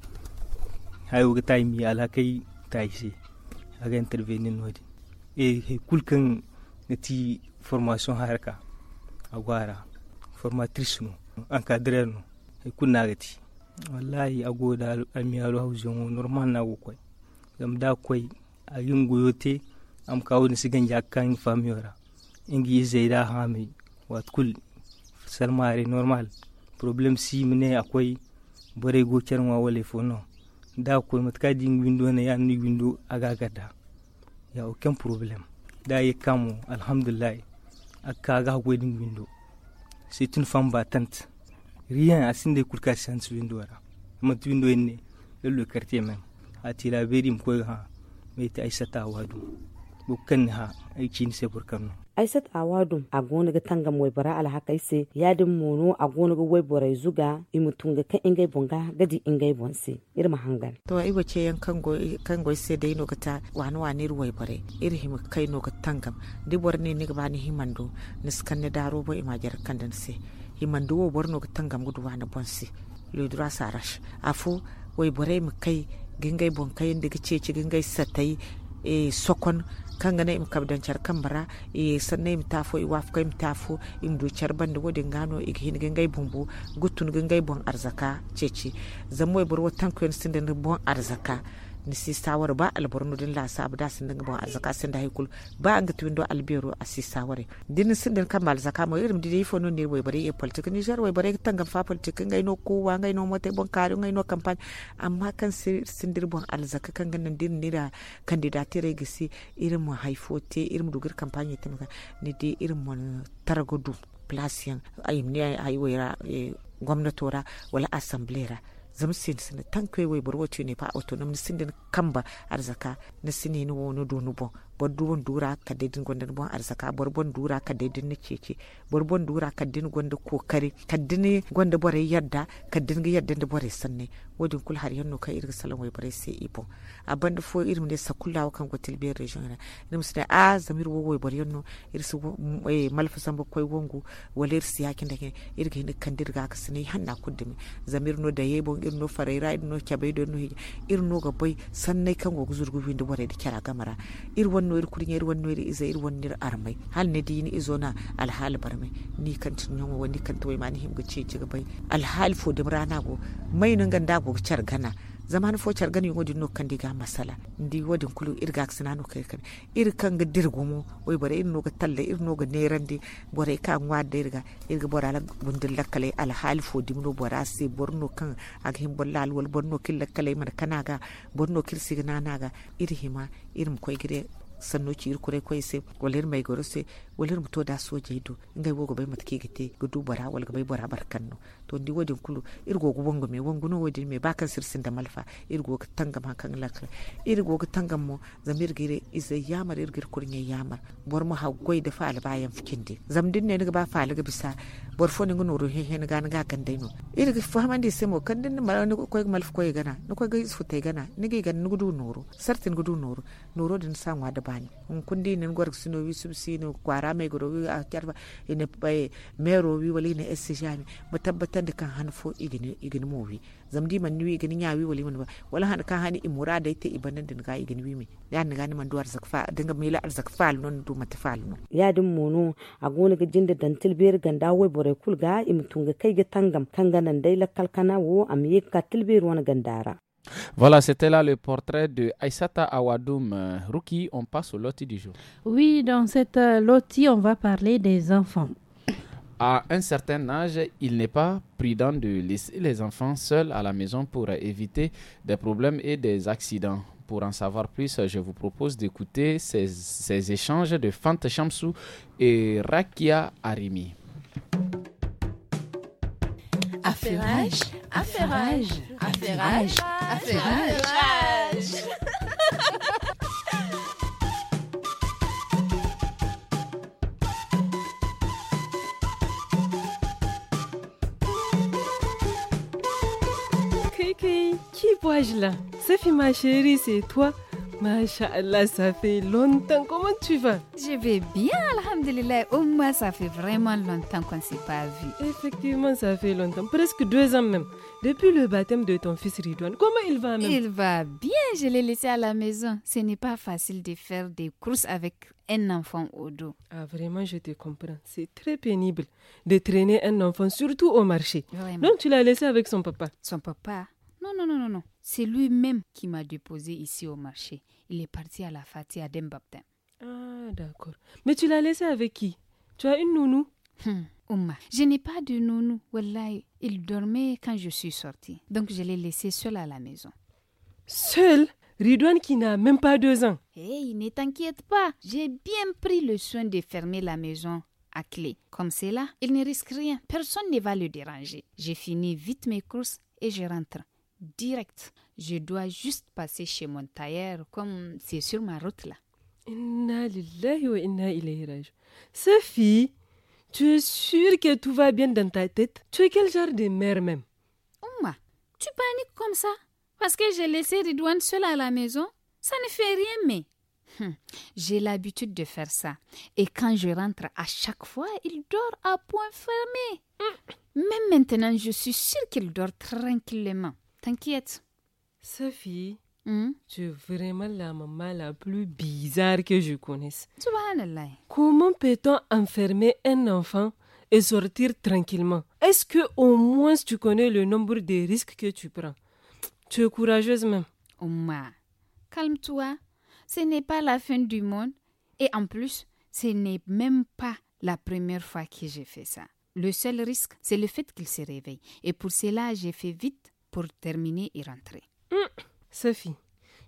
hayo ga yi mi ala ta tai si ga intervenir nodi e eh, ya kul kan ti formation harka gwara formatrice no encadrer no ya kul na ga ti wallahi a goda almiyaru hausin normal na gukwai gam da kwai a yin goyote am kawo ni sigan ya kan famiyora ingi zai da hami watkul salmare normal problem si mine akwai bare gocer wa wale fono da kwai matka din windo na ya ni windo gagada ya oken problem da ya kamo alhamdulillah aka ga gwedin windo sai tun fam batant rien à sin de kurka sans windo wara ma windo ne le le quartier même a ti la beri mko ha me ta wadu bukkan ha aiki ne pour burkan aisat awadum a gonaga tangam wai bara alhaka ise yadin mono a gonaga wai borai zuga imutunga kan ingai bonga gadi ingai bonsi. irma hangan to ai wace yan kango kango ise de no kata wani wani ruwai bare irhim kai no ka tangam dibor ne ni ba ni himando niskan ne daro bo imajar kan dan se yimande wo bor no gitan gudu wani bonsi le sarash afu wai afo borai mu kai gingai bon kai inda ceci ci gingai satai e sokon kan gane im kabdan char kambara e sannan im tafo i waf kai im tafo im du char bande wodin gano i hin gingai bumbu gutun gingai bon arzaka ceci zamo bor wotan ko sin bon arzaka ni si ba alborno din la sabu da sin dinga bon azaka sin da haikul ba anga tuwindo albero a si din sin din kamal zaka mo irim didi fo ne wai bari e politik ni jar wai bari tanga fa politik ngai no kowa ngai no mote bon kari ngai no kampani amma kan sin dir bon alzaka kan ganin din ni da kandidatire gisi irin mu haifote irin mu dugir kampani tin ni di irin mu tarago du plasiyan ayimne ayi wayra eh, gwamnatora wala assemblera zam sin sene tanke we borwo tuni pa autonom ni sin den kamba arzaka ni sini ni wono do no bon bor dura ka daidin gwanda bon arsaka bor bon dura kadedin ni cece bor bon dura kadin gwanda kokari kadin gwanda bore yadda kadin ga yadda da bore sanne wodin kul har yanno kai irin salon wai bare sai ibo abanda fo irin ne sakulla kan gotel be region na yana sida a zamir wo wai bare yanno irsu mm, eh, malfasan ba koi wongu walir siyakin da ke irga ni kandirga ka sine hanna kuddumi zamir no da yebon irno faraira no kyabai do no no ga bai sanne kan go guzurgu winda bore da kira gamara irwan wannoyr kurñeeri wannoyre isa ir wonnir armay hal ne dini izona alhal barmay ni kanti ñongo wani kanti way mani himga ceciga bay alhaal fo dem ranago may no gandago cargana zaman fo cargan yungo dinno kandi ga masala ndi wadin kulu irga sinano kai kan ir kan ga dirgumo oy bare ir no ga talle ir no ga nerandi bore ka ngwade irga irga bora la bundin lakkale al hal fo dimno bora se borno kan ag him bollal wal borno kil lakkale mar kanaga borno kil signa naga ir hima ir mkoy gire sanno ci ir kure ko mai goro walir mutoda soo jeydo ingai wogo bay mat kigite gudu bara wal gabay bara barkanno to ndi kulu irgo wongo me wonguno wodin me bakan sirsin malfa irgo tangam hakan lakra irgo go tangam mo zamir gire isa yamar irgir kurnye yamar bor mo ha goy da faal bayan fikinde zamdin ne ga ba faal ga bisa bor ne semo kandin din mal ne ko malf koy gana ne koy ga isu gana ne ga gan noro sartin gudu noro din sangwa da bani kundi sino ramai goro wi a tarba ina bai mai wi wali na esse jami mu tabbatar da kan hanfo igini igini mo wi zamdi man ni igini nya wi wali man ba wala han kan hani imura da ita ibanan din ga igini wi me ya ni gani man duwar zakfa dinga mila arzakfa non du matfal non ya din mono a gona ga jinda dantil ber ganda wai bore kul ga imtunga kai ga tangam kan ganan dai lakkal kana wo am yi ka tilbir wani gandara Voilà, c'était là le portrait de Aïsata Awadoum euh, Ruki. On passe au loti du jour. Oui, dans cette euh, loti, on va parler des enfants. À un certain âge, il n'est pas prudent de laisser les enfants seuls à la maison pour éviter des problèmes et des accidents. Pour en savoir plus, je vous propose d'écouter ces, échanges de Fante Shamsou et Rakia Arimi. Affairage, affairage, affairage, affairage. Kiki, qui vois-je là fait ma chérie, c'est toi Masha'Allah, ça fait longtemps. Comment tu vas Je vais bien, Alhamdulillah. Au moins, ça fait vraiment longtemps qu'on ne s'est pas vu. Effectivement, ça fait longtemps. Presque deux ans même. Depuis le baptême de ton fils Ridouane, comment il va même Il va bien. Je l'ai laissé à la maison. Ce n'est pas facile de faire des courses avec un enfant au dos. Ah, vraiment, je te comprends. C'est très pénible de traîner un enfant, surtout au marché. Vraiment. Donc, tu l'as laissé avec son papa Son papa non, non, non, non, non. C'est lui-même qui m'a déposé ici au marché. Il est parti à la Fatih à Dembaptin. Ah, d'accord. Mais tu l'as laissé avec qui Tu as une nounou hum, Ouma, je n'ai pas de nounou. Wallahi, il dormait quand je suis sortie. Donc je l'ai laissé seul à la maison. Seul Ridouane qui n'a même pas deux ans. Hé, ne t'inquiète pas. J'ai bien pris le soin de fermer la maison à clé. Comme c'est là, il ne risque rien. Personne ne va le déranger. J'ai fini vite mes courses et je rentre direct. Je dois juste passer chez mon tailleur comme c'est sur ma route là. Sophie, tu es sûre que tout va bien dans ta tête Tu es quel genre de mère même Ouma, tu paniques comme ça Parce que j'ai laissé Ridouane seul à la maison Ça ne fait rien, mais... Hum, j'ai l'habitude de faire ça. Et quand je rentre, à chaque fois, il dort à point fermé. Mm. Même maintenant, je suis sûre qu'il dort tranquillement. T'inquiète. Sophie, hmm? tu es vraiment la maman la plus bizarre que je connaisse. Subhanallah. Comment peut-on enfermer un enfant et sortir tranquillement Est-ce que au moins tu connais le nombre des risques que tu prends Tu es courageuse même. calme-toi. Ce n'est pas la fin du monde. Et en plus, ce n'est même pas la première fois que j'ai fait ça. Le seul risque, c'est le fait qu'il se réveille. Et pour cela, j'ai fait vite pour terminer et rentrer. Hum. Sophie,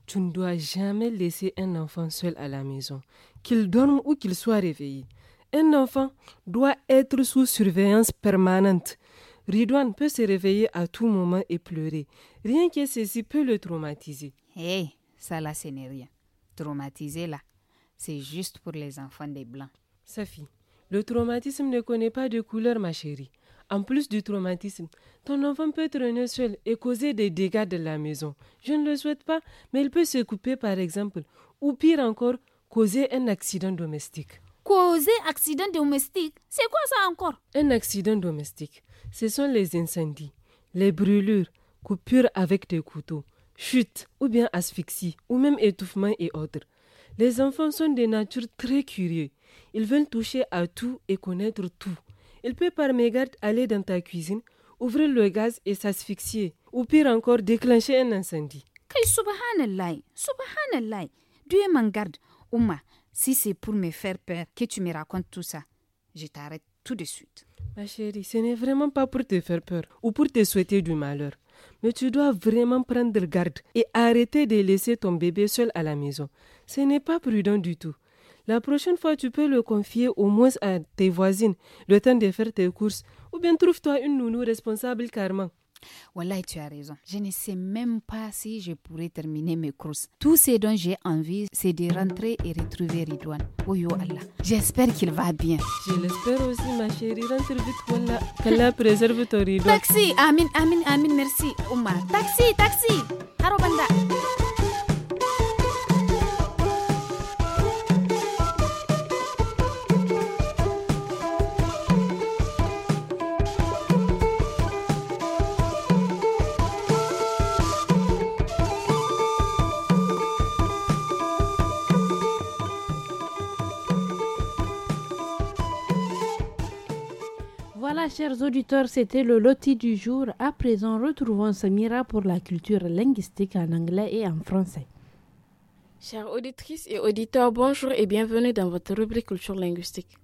tu ne dois jamais laisser un enfant seul à la maison, qu'il dorme ou qu'il soit réveillé. Un enfant doit être sous surveillance permanente. Ridouane peut se réveiller à tout moment et pleurer. Rien que ceci peut le traumatiser. Hé, eh, ça là, ce n'est rien. Traumatiser là, c'est juste pour les enfants des Blancs. Sophie, le traumatisme ne connaît pas de couleur, ma chérie. En plus du traumatisme, ton enfant peut traîner seul et causer des dégâts de la maison. Je ne le souhaite pas, mais il peut se couper par exemple, ou pire encore, causer un accident domestique. Causer accident domestique C'est quoi ça encore Un accident domestique, ce sont les incendies, les brûlures, coupures avec des couteaux, chutes ou bien asphyxie, ou même étouffement et autres. Les enfants sont des natures très curieux. Ils veulent toucher à tout et connaître tout. Il peut par mégarde aller dans ta cuisine, ouvrir le gaz et s'asphyxier, ou pire encore déclencher un incendie. subhanallah, subhanallah, Dieu m'en garde. Ouma, si c'est pour me faire peur que tu me racontes tout ça, je t'arrête tout de suite. Ma chérie, ce n'est vraiment pas pour te faire peur ou pour te souhaiter du malheur. Mais tu dois vraiment prendre garde et arrêter de laisser ton bébé seul à la maison. Ce n'est pas prudent du tout. La prochaine fois, tu peux le confier au moins à tes voisines, le temps de faire tes courses, ou bien trouve-toi une nounou responsable carrément. Voilà, tu as raison. Je ne sais même pas si je pourrai terminer mes courses. Tout ce dont j'ai envie, c'est de rentrer et retrouver Ridouane. Oh Allah. J'espère qu'il va bien. Je l'espère aussi, ma chérie. Rentre vite, Wallah. Qu'Allah préserve ton Ridouane. Taxi, Amin, Amin, Amin, merci. Omar. Taxi, taxi. chers auditeurs, c'était le loti du jour. À présent, retrouvons Samira pour la culture linguistique en anglais et en français. Chers auditrices et auditeurs, bonjour et bienvenue dans votre rubrique culture linguistique.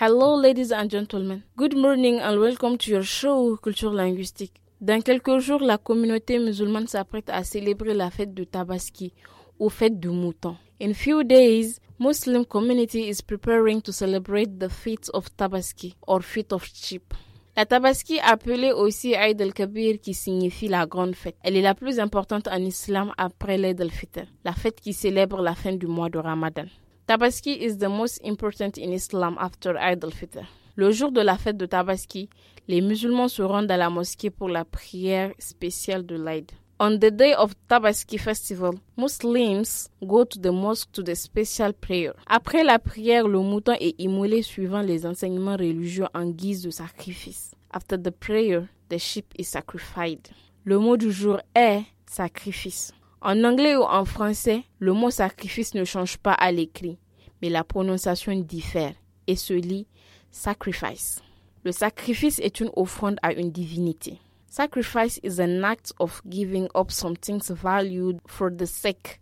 Hello, ladies and gentlemen. Good morning and welcome to your show Culture linguistique. Dans quelques jours, la communauté musulmane s'apprête à célébrer la fête de Tabaski, ou fête du mouton. In few days, Muslim community is preparing to celebrate the fête of Tabaski or fête of sheep. La Tabaski, appelée aussi Eid al-Kabir, qui signifie la grande fête, elle est la plus importante en islam après l'Eid al-Fitr, la fête qui célèbre la fin du mois de Ramadan. Tabaski is the most important in Islam after Eid al-Fitr. Le jour de la fête de Tabaski, les musulmans se rendent à la mosquée pour la prière spéciale de l'Aïd. On the day of Tabaski festival, Muslims go to the mosque to the special prayer. Après la prière, le mouton est immolé suivant les enseignements religieux en guise de sacrifice. After the prayer, the sheep is sacrificed. Le mot du jour est sacrifice. En anglais ou en français, le mot sacrifice ne change pas à l'écrit, mais la prononciation diffère et se lit sacrifice. Le sacrifice est une offrande à une divinité. Sacrifice is an act of giving up some things valued for the sake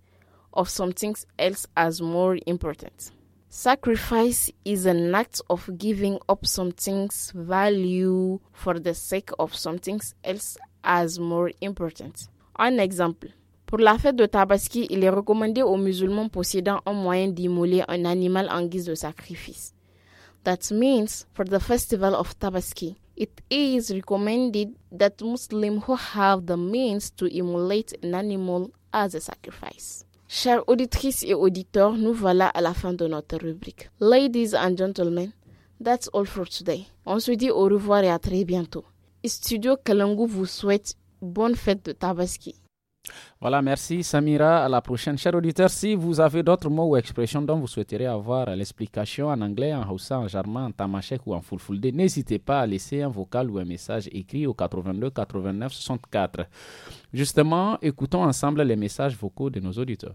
of something else as more important. Sacrifice is an act of giving up things value for the sake of something else as more important. Un exemple. Pour la fête de Tabaski, il est recommandé aux musulmans possédant un moyen d'immoler un animal en guise de sacrifice. That means, for the festival of Tabaski, It is recommended that Muslims who have the means to immolate an animal as a sacrifice. Chers auditrices et auditeurs, nous voilà à la fin de notre rubrique. Ladies and gentlemen, that's all for today. On se dit au revoir et à très bientôt. Studio Kalangu vous souhaite bonne fête de Tabaski. Voilà, merci Samira. À la prochaine, chers auditeurs. Si vous avez d'autres mots ou expressions dont vous souhaiterez avoir l'explication en anglais, en haussa, en jarma, en tamashek ou en fulfulde, n'hésitez pas à laisser un vocal ou un message écrit au 82 89 64. Justement, écoutons ensemble les messages vocaux de nos auditeurs.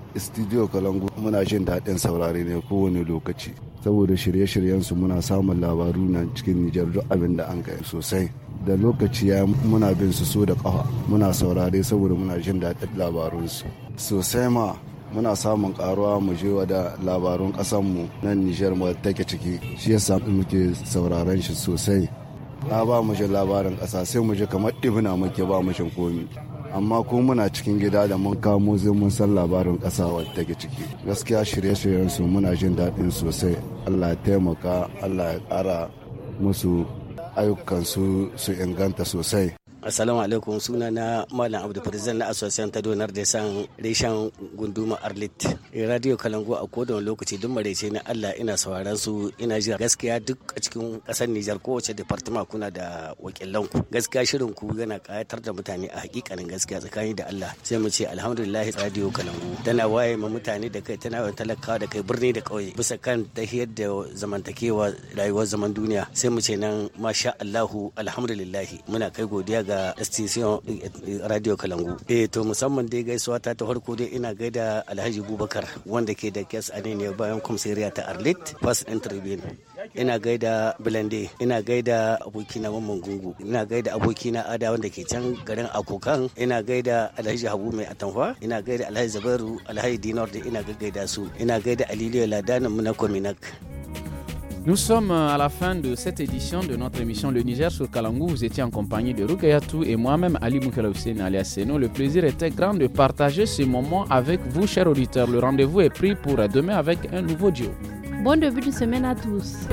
studio kalangu muna jin daɗin saurari ne kowane lokaci saboda shirye shiryen su muna samun labaru na cikin nijar duk abin da an kai sosai da lokaci ya muna bin su so da ƙafa muna saurare saboda muna jin daɗin labarunsu sosai ma muna samun karuwa mu je wa da labarun mu nan nijar mu take ciki shi yasa muke sauraren shi sosai na ba mu labarin ƙasa sai mu je kamar ɗibina muke ba mu komi amma ko muna cikin gida da mun kamo zai mun san labarin ƙasa wadda ke ciki gaskiya shirye-shiryen su muna jin daɗin sosai allah ya taimaka allah ya ƙara musu ayyukansu su inganta sosai Assalamu alaikum suna na Malam Abdu Farizan na Association ta Donar da San Reshen Gunduma Arlit. Eh, Radio Kalango a kodon lokaci duk maraice na Allah ina sauraron su ina jira gaskiya duk a cikin kasar Nijar kowace department kuna da wakilan ku. Gaskiya shirin ku yana kayatar da mutane a hakikanin gaskiya tsakani da Allah. Sai mu ce alhamdulillah Radio Kalango tana waye ma mutane da kai tana yawan talakawa da kai birni da kauye bisa kan ta tahiyar da zamantakewa rayuwar zaman duniya. Sai mu ce nan masha Allahu alhamdulillah muna kai godiya daga station eh, radio kalangu eh to musamman dai gaisuwa ta ta farko dai ina gaida alhaji bubakar wanda ke da kes anin ne bayan kwamsiriya ta arlit first interview ina gaida blende ina gaida abokina mamman gungu ina gaida abokina ada wanda ke can garin akokan ina gaida alhaji habu mai atamfa ina gaida alhaji zabaru alhaji dinar da ina gaida su ina gaida aliliyo ladanin mu na kominak Nous sommes à la fin de cette édition de notre émission Le Niger sur Kalangou. Vous étiez en compagnie de Rukayatou et moi-même Ali Moukalaoussène alias Seno. Le plaisir était grand de partager ce moment avec vous, chers auditeurs. Le rendez-vous est pris pour demain avec un nouveau duo. Bon début de semaine à tous.